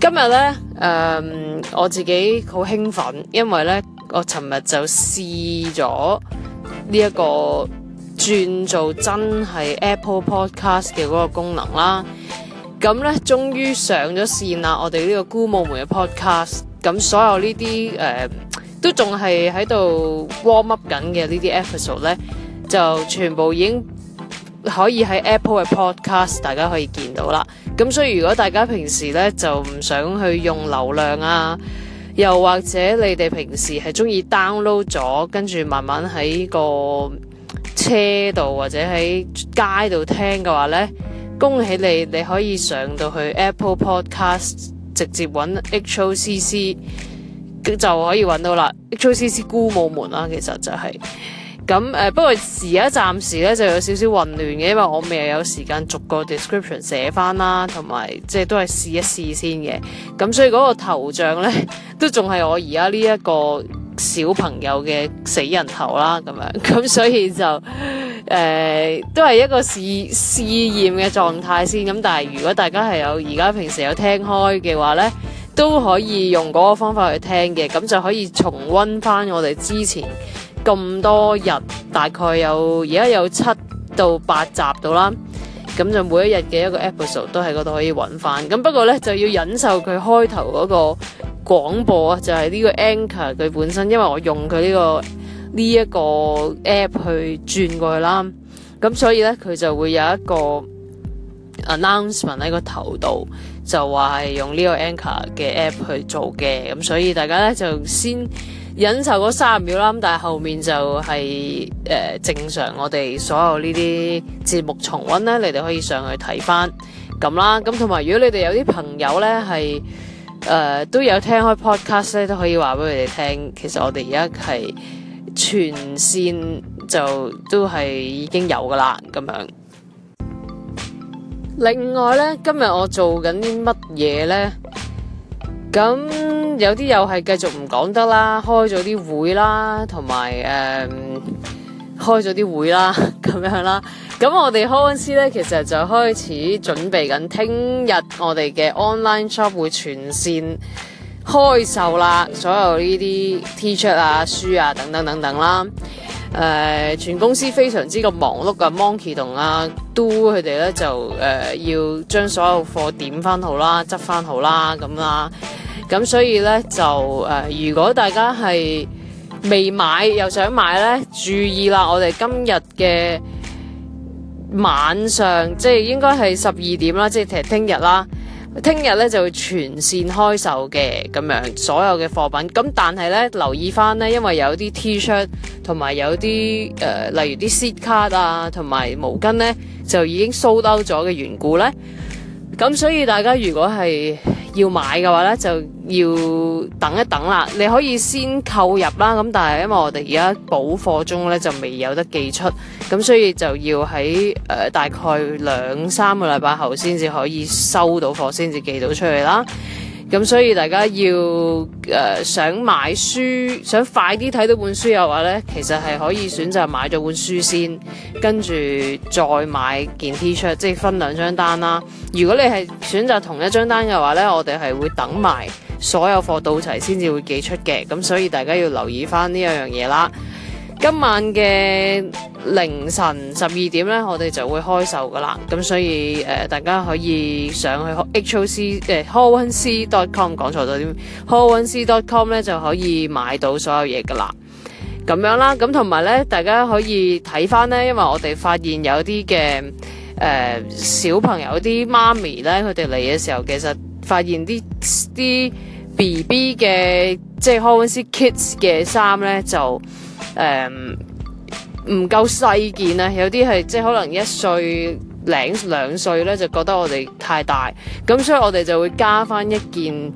今日呢，誒、嗯、我自己好興奮，因為呢，我尋日就試咗呢一個轉做真係 Apple Podcast 嘅嗰個功能啦。咁、嗯、呢，終於上咗線啦、嗯！我哋呢個菇武門嘅 Podcast，咁所有呢啲誒都仲係喺度 warm up 緊嘅呢啲 episode 呢，就全部已經可以喺 Apple 嘅 Podcast 大家可以見到啦。咁所以如果大家平時呢就唔想去用流量啊，又或者你哋平時係中意 download 咗，跟住慢慢喺個車度或者喺街度聽嘅話呢，恭喜你，你可以上到去 Apple Podcast 直接揾 H O C C，就可以揾到啦。H O C C 菇武門啦，其實就係。咁誒、呃，不過而家暫時咧就有少少混亂嘅，因為我未有時間逐個 description 寫翻啦，同埋即係都係試一試先嘅。咁所以嗰個頭像呢，都仲係我而家呢一個小朋友嘅死人頭啦，咁樣咁所以就誒、呃、都係一個試試驗嘅狀態先。咁但係如果大家係有而家平時有聽開嘅話呢，都可以用嗰個方法去聽嘅，咁就可以重溫翻我哋之前。咁多日，大概有而家有七到八集到啦。咁就每一日嘅一個 episode 都喺嗰度可以揾翻。咁不過咧就要忍受佢開頭嗰個廣播啊，就係呢個 Anchor 佢本身，因為我用佢呢個呢一個 App 去轉過去啦。咁所以咧佢就會有一個 announcement 喺個頭度，就話係用呢個 Anchor 嘅 App 去做嘅。咁所以大家咧就先。忍受嗰三十秒啦，咁但係後面就係誒正常，我哋所有呢啲節目重溫呢，你哋可以上去睇翻咁啦。咁同埋，如果你哋有啲朋友呢係誒都有聽開 podcast 呢，都可以話俾佢哋聽。其實我哋而家係全線就都係已經有噶啦咁樣。另外呢，今日我做緊啲乜嘢呢？咁有啲又係繼續唔講得啦，開咗啲會啦，同埋誒，開咗啲會啦，咁樣啦。咁我哋開公司呢，其實就開始準備緊聽日我哋嘅 online shop 會全線開售啦，所有呢啲 T 恤啊、書啊等等等等啦。誒、呃，全公司非常之咁忙碌嘅 Monkey 同阿、啊、Do 佢哋咧，就誒、呃、要將所有貨點翻好啦、執翻好啦咁啦，咁所以咧就誒、呃，如果大家係未買又想買咧，注意啦，我哋今日嘅晚上即係應該係十二點啦，即係聽日啦。聽日咧就會全線開售嘅咁樣，所有嘅貨品。咁但係咧留意翻咧，因為有啲 T-shirt 同埋有啲誒、呃，例如啲 sit card 啊，同埋毛巾咧就已經 sold out 咗嘅緣故咧。咁所以大家如果係,要買嘅話呢，就要等一等啦。你可以先購入啦，咁但係因為我哋而家補貨中呢，就未有得寄出，咁所以就要喺誒、呃、大概兩三個禮拜後先至可以收到貨，先至寄到出去啦。咁所以大家要誒、呃、想買書，想快啲睇到本書嘅話咧，其實係可以選擇買咗本書先，跟住再買件 t 恤，即係分兩張單啦。如果你係選擇同一張單嘅話咧，我哋係會等埋所有貨到齊先至會寄出嘅。咁所以大家要留意翻呢一樣嘢啦。今晚嘅凌晨十二點呢，我哋就會開售噶啦，咁所以誒大家可以上去 h o c 誒 covensc.com 講錯咗啲 covensc.com 呢，就可以買到所有嘢噶啦，咁樣啦，咁同埋呢，大家可以睇翻呢，因為我哋發現有啲嘅誒小朋友啲媽咪呢，佢哋嚟嘅時候，其實發現啲啲。B B 嘅即係 Harris Kids 嘅衫呢，就誒唔、嗯、夠細件啦，有啲係即係可能一歲零兩歲呢，就覺得我哋太大，咁所以我哋就會加翻一件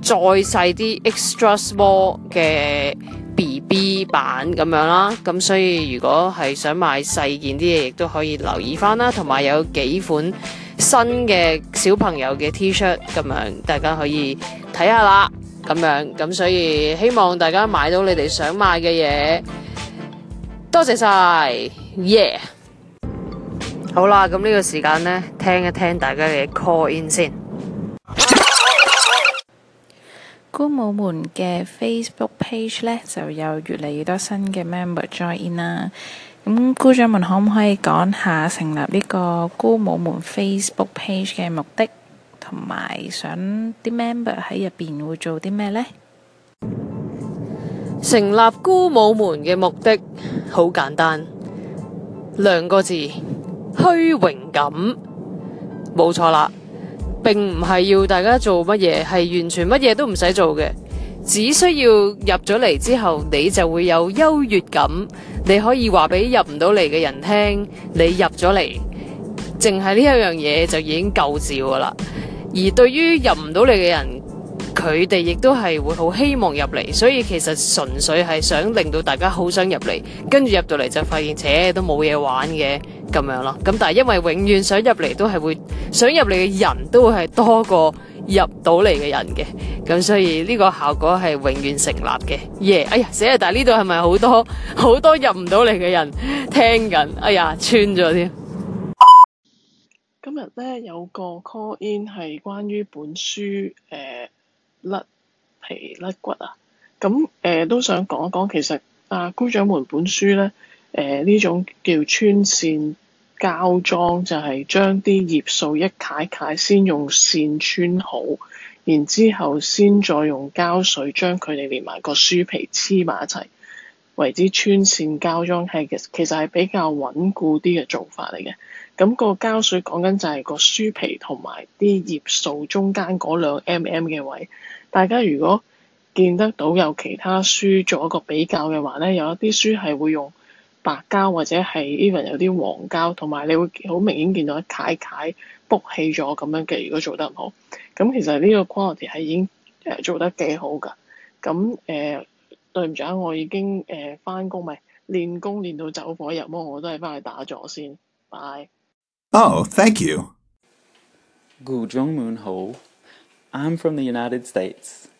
再細啲 extra small 嘅 B B 版咁樣啦。咁所以如果係想買細件啲嘢，亦都可以留意翻啦。同埋有，有幾款。新嘅小朋友嘅 T-shirt 咁樣，大家可以睇下啦。咁樣咁，所以希望大家買到你哋想買嘅嘢。多謝晒耶！Yeah! 好啦，咁呢個時間呢，聽一聽大家嘅 call in 先。菇武門嘅 Facebook page 呢，就有越嚟越多新嘅 member join in 啦。咁姑丈們可唔可以講下成立呢個菇武門 Facebook page 嘅目的，同埋想啲 member 喺入邊會做啲咩呢？成立菇武門嘅目的好簡單，兩個字虛榮感。冇錯啦，並唔係要大家做乜嘢，係完全乜嘢都唔使做嘅，只需要入咗嚟之後，你就會有優越感。你可以話俾入唔到嚟嘅人聽，你入咗嚟，淨係呢一樣嘢就已經夠照㗎喇。而對於入唔到嚟嘅人，佢哋亦都係會好希望入嚟，所以其實純粹係想令到大家好想入嚟，跟住入到嚟就發現，且都冇嘢玩嘅咁樣咯。咁但係因為永遠想入嚟都係會，想入嚟嘅人都會係多過入到嚟嘅人嘅，咁所以呢個效果係永遠成立嘅。耶、yeah, 哎，哎呀死啊！但係呢度係咪好多好多入唔到嚟嘅人聽緊？哎呀穿咗添。今日咧有個 call in 係關於本書誒、呃、甩皮甩骨啊，咁、嗯、誒、呃、都想講一講，其實啊，菇武門本書咧誒呢、呃、種叫穿線。膠裝就係將啲頁數一楷楷，先用線穿好，然之後先再用膠水將佢哋連埋個書皮黐埋一齊，為之穿線膠裝，係其實係比較穩固啲嘅做法嚟嘅。咁個膠水講緊就係個書皮同埋啲頁數中間嗰兩 mm 嘅位。大家如果見得到有其他書做一個比較嘅話呢，有一啲書係會用白膠或者係 even 有啲黃膠，同埋你會好明顯見到一揦揦 book 起咗咁樣嘅。如果做得唔好，咁其實呢個 quality 係已經誒、呃、做得幾好㗎。咁誒、呃、對唔住，我已經誒翻工咪練功練到走火入魔，我都係翻去打坐先。拜。Oh, thank you. 菇武門好。I'm from the United States.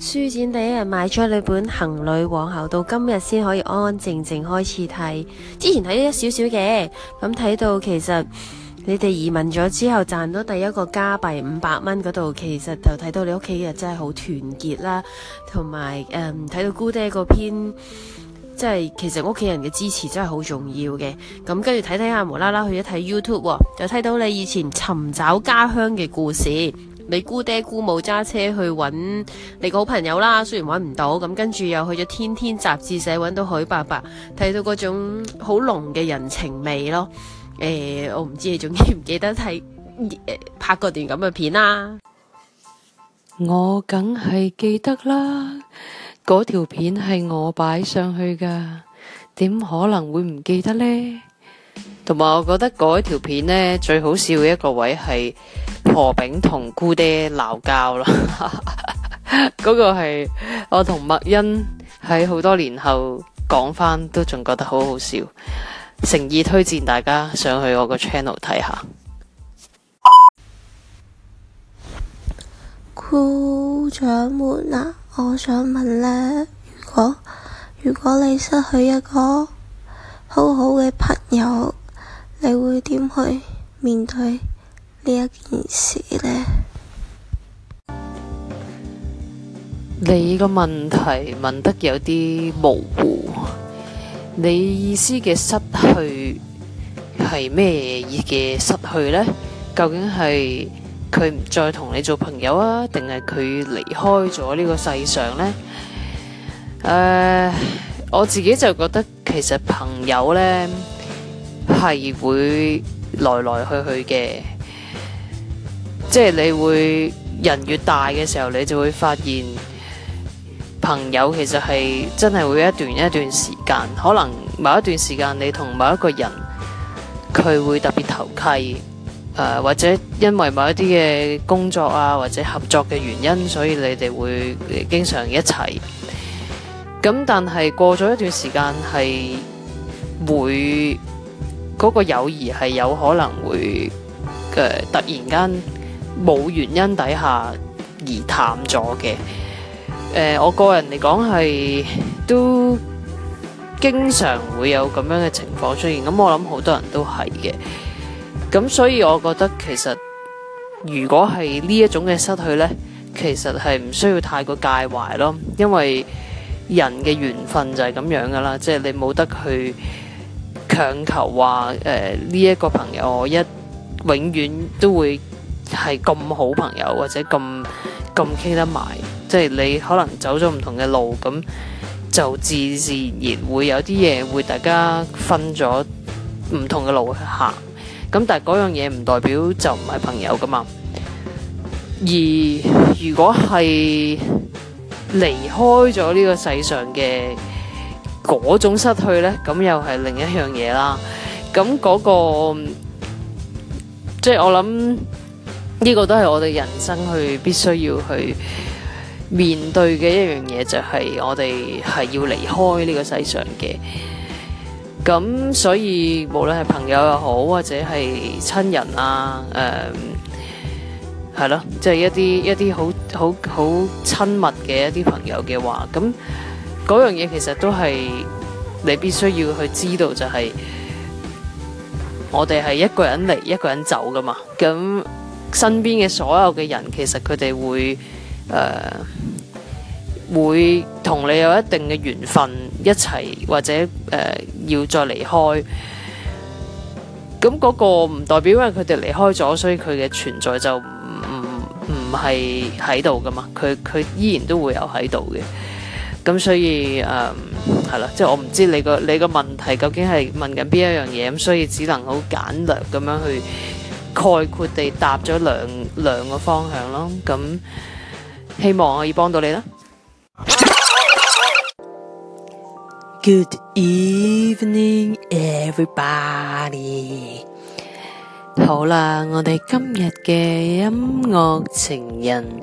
書展第一日買咗你本《行旅》，往後到今日先可以安安靜靜開始睇。之前睇咗一少少嘅，咁睇到其實你哋移民咗之後賺到第一個加幣五百蚊嗰度，其實就睇到你屋企人真係好團結啦，同埋誒睇到姑爹嗰篇，即係其實屋企人嘅支持真係好重要嘅。咁跟住睇睇下無啦啦去咗睇 YouTube，就睇到你以前尋找家鄉嘅故事。你姑爹姑母揸車去揾你個好朋友啦，雖然揾唔到，咁跟住又去咗天天雜誌社揾到許伯伯，睇到嗰種好濃嘅人情味咯。欸，我唔知你仲記唔記得睇，欸，拍過段咁嘅片啦，啊？我梗係記得啦，嗰條片係我擺上去噶，點可能會唔記得呢？同埋，我覺得嗰一條片呢，最好笑嘅一個位係婆餅同姑爹鬧交啦。嗰 個係我同麥恩喺好多年後講翻，都仲覺得好好笑，誠意推薦大家上去我個 channel 睇下。菇掌門啊，我想問呢：如果如果你失去一個好好嘅朋友。你會點去面對呢一件事呢？你個問題問得有啲模糊，你意思嘅失去係咩意思嘅失去呢？究竟係佢唔再同你做朋友啊，定係佢離開咗呢個世上呢？誒，我自己就覺得其實朋友呢。係會來來去去嘅，即係你會人越大嘅時候，你就會發現朋友其實係真係會一段一段時間，可能某一段時間你同某一個人佢會特別投契，誒或者因為某一啲嘅工作啊或者合作嘅原因，所以你哋會經常一齊。咁但係過咗一段時間係會。嗰個友誼係有可能會誒，突然間冇原因底下而淡咗嘅。誒，我個人嚟講係都經常會有咁樣嘅情況出現。咁我諗好多人都係嘅。咁所以我覺得其實如果係呢一種嘅失去呢，其實係唔需要太過介懷咯，因為人嘅緣分就係咁樣噶啦，即係你冇得去。強求話誒呢一個朋友，我一永遠都會係咁好朋友，或者咁咁傾得埋。即係你可能走咗唔同嘅路，咁就自自然然會有啲嘢會大家分咗唔同嘅路去行。咁但係嗰樣嘢唔代表就唔係朋友㗎嘛。而如果係離開咗呢個世上嘅。嗰種失去呢，咁又係另一樣嘢啦。咁嗰個，即係我諗呢個都係我哋人生去必須要去面對嘅一樣嘢，就係我哋係要離開呢個世上嘅。咁所以無論係朋友又好，或者係親人啊，誒，係咯，即係一啲一啲好好好親密嘅一啲朋友嘅話，咁。嗰樣嘢其實都係你必須要去知道，就係我哋係一個人嚟，一個人走噶嘛。咁身邊嘅所有嘅人，其實佢哋會誒會同你有一定嘅緣分一齊，或者誒要再離開。咁嗰個唔代表因為佢哋離開咗，所以佢嘅存在就唔唔係喺度噶嘛。佢佢依然都會有喺度嘅。咁所以誒，係啦，即係我唔知你個你個問題究竟係問緊邊一樣嘢，咁所以只能好簡略咁樣去概括地答咗兩兩個方向咯。咁希望可以幫到你啦。Good evening, everybody。好啦，我哋今日嘅音樂情人。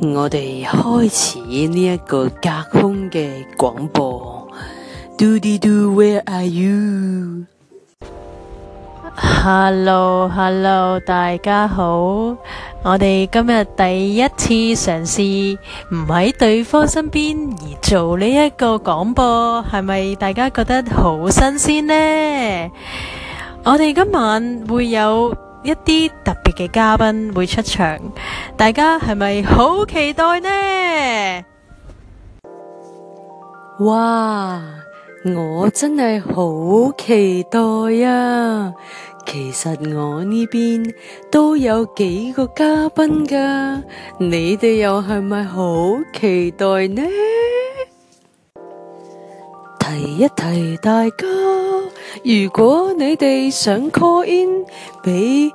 我哋開始呢一個隔空嘅廣播，嘟嘀嘟，Where are you？Hello，Hello，大家好。我哋今日第一次嘗試唔喺對方身邊而做呢一個廣播，係咪大家覺得好新鮮呢？我哋今晚會有。一啲特別嘅嘉賓會出場，大家係咪好期待呢？哇，我真係好期待呀、啊！其實我呢邊都有幾個嘉賓㗎，你哋又係咪好期待呢？提一提大家。如果你哋想 call in，俾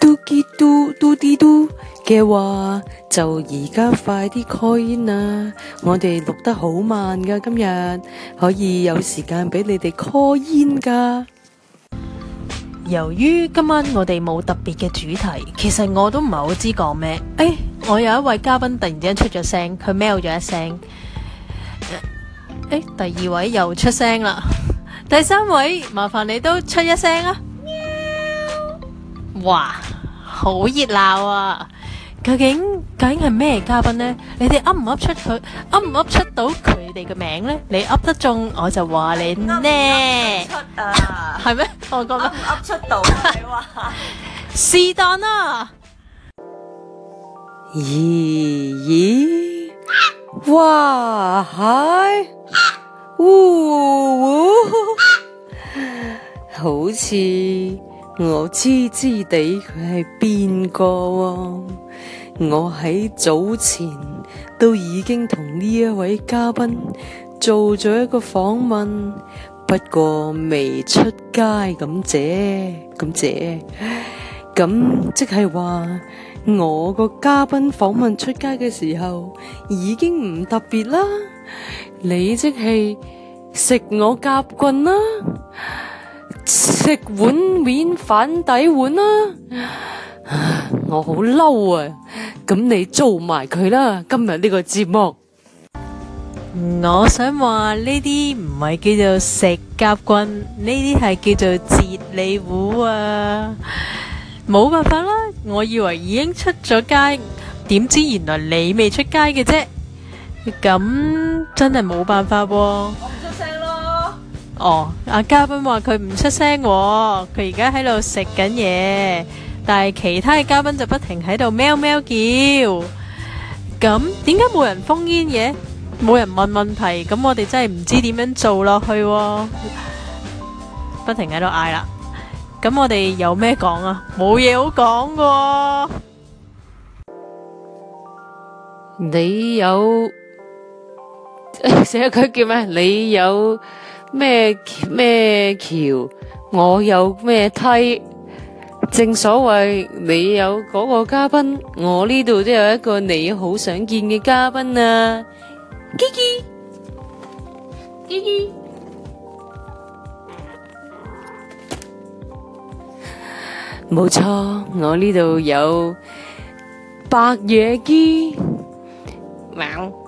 嘟嘟嘟嘟嘀嘟嘅話，就而家快啲 call in 啦！我哋錄得好慢㗎，今日可以有時間俾你哋 call in 㗎。由於今晚我哋冇特別嘅主題，其實我都唔係好知講咩。誒、哎，我有一位嘉賓突然之間出咗聲，佢喵咗一聲。誒、哎，第二位又出聲啦。第三位，麻煩你都出一聲啊！哇，好熱鬧啊！究竟究竟係咩嘉賓呢？你哋噏唔噏出佢，噏唔噏出到佢哋嘅名呢？你噏得中我就話你呢，係咩？我覺得噏唔噏出到，係嘛？是但啦，咦咦，哇嗨！嗚、哦哦哦哦哦哦、好似我知知地佢係邊個？我喺早前都已經同呢一位嘉賓做咗一個訪問，不過未出街咁姐，咁姐，咁即係話我個嘉賓訪問出街嘅時候已經唔特別啦。你即係食我夾棍啦，食碗面反底碗啦，我好嬲啊！咁你做埋佢啦，今日呢個節目，我想話呢啲唔係叫做食夾棍，呢啲係叫做截你糊啊！冇辦法啦，我以為已經出咗街，點知原來你未出街嘅啫。咁真係冇辦法喎，我唔出聲咯。哦，阿嘉賓話佢唔出聲，佢而家喺度食緊嘢，但係其他嘅嘉賓就不停喺度喵喵叫。咁點解冇人封煙嘅？冇人問問題，咁我哋真係唔知點樣做落去。不停喺度嗌啦，咁我哋有咩講啊？冇嘢好講噶。你有？寫咗句叫咩？你有咩咩橋？我有咩梯？正所謂你有嗰個嘉賓，我呢度都有一個你好想見嘅嘉賓啊！嘰嘰嘰嘰，冇錯，我呢度有白野雞，貓。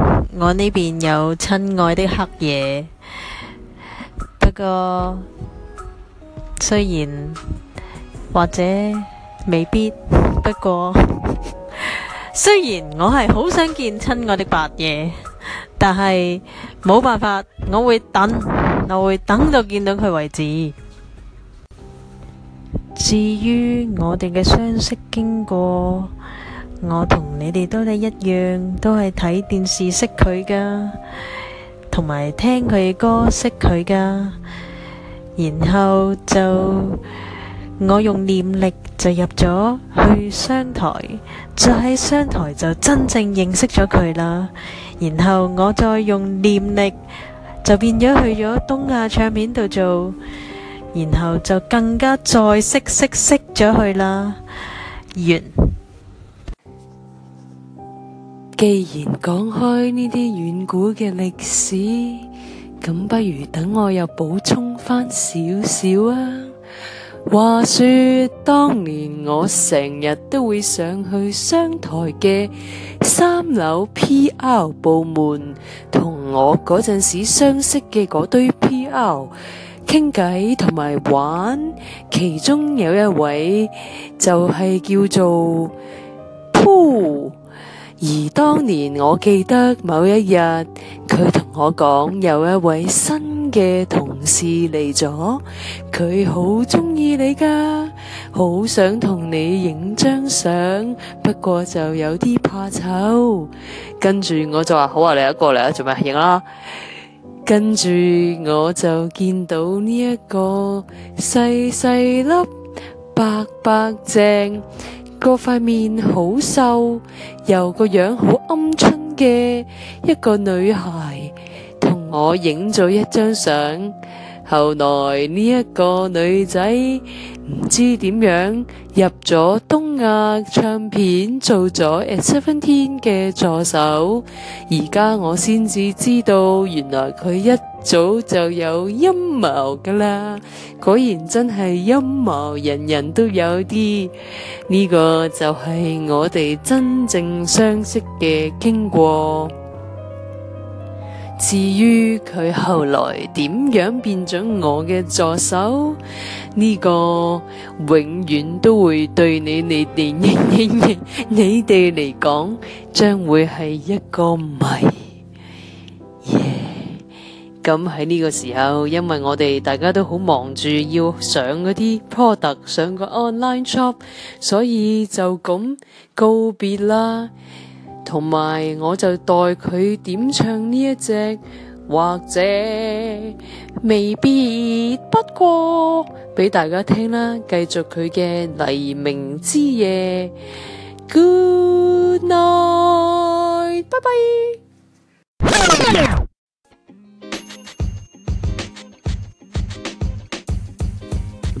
我呢邊有親愛的黑夜，不過雖然或者未必，不過雖然我係好想見親愛的白夜，但係冇辦法，我會等，我會等到見到佢為止。至於我哋嘅相識經過。我同你哋都係一樣，都係睇電視識佢噶，同埋聽佢嘅歌識佢噶，然後就我用念力就入咗去商台，就喺商台就真正認識咗佢啦。然後我再用念力就變咗去咗東亞唱片度做，然後就更加再識識識咗佢啦。完。既然講開呢啲遠古嘅歷史，咁不如等我又補充翻少少少啊。話說當年我成日都會上去商台嘅三樓 PR 部門，同我嗰陣時相識嘅嗰堆 PR 傾偈同埋玩，其中有一位就係叫做 Pooh。而當年我記得某一日，佢同我講有一位新嘅同事嚟咗，佢好鍾意你噶，好想同你影張相，不過就有啲怕醜。跟住我就話好啊，你一過嚟啊，做咩影啦？跟住我就見到呢、這、一個細細粒白白淨。個塊面好瘦，又個樣好鵪鶉嘅一個女孩，同我影咗一張相。後來呢一個女仔唔知點樣入咗東亞唱片做咗七分天嘅助手，而家我先至知道原來佢一早就有陰謀噶啦，果然真係陰謀，人人都有啲，呢個就係我哋真正相識嘅經過。至於佢後來點樣變咗我嘅助手，呢個永遠都會對你、你哋、你哋嚟講，將會係一個謎。咁喺呢個時候，因為我哋大家都好忙住要上嗰啲 product、上個 online shop，所以就咁告別啦。同埋我就代佢點唱呢一隻或者未必不過俾大家聽啦繼續佢嘅黎明之夜 Good night, 拜拜！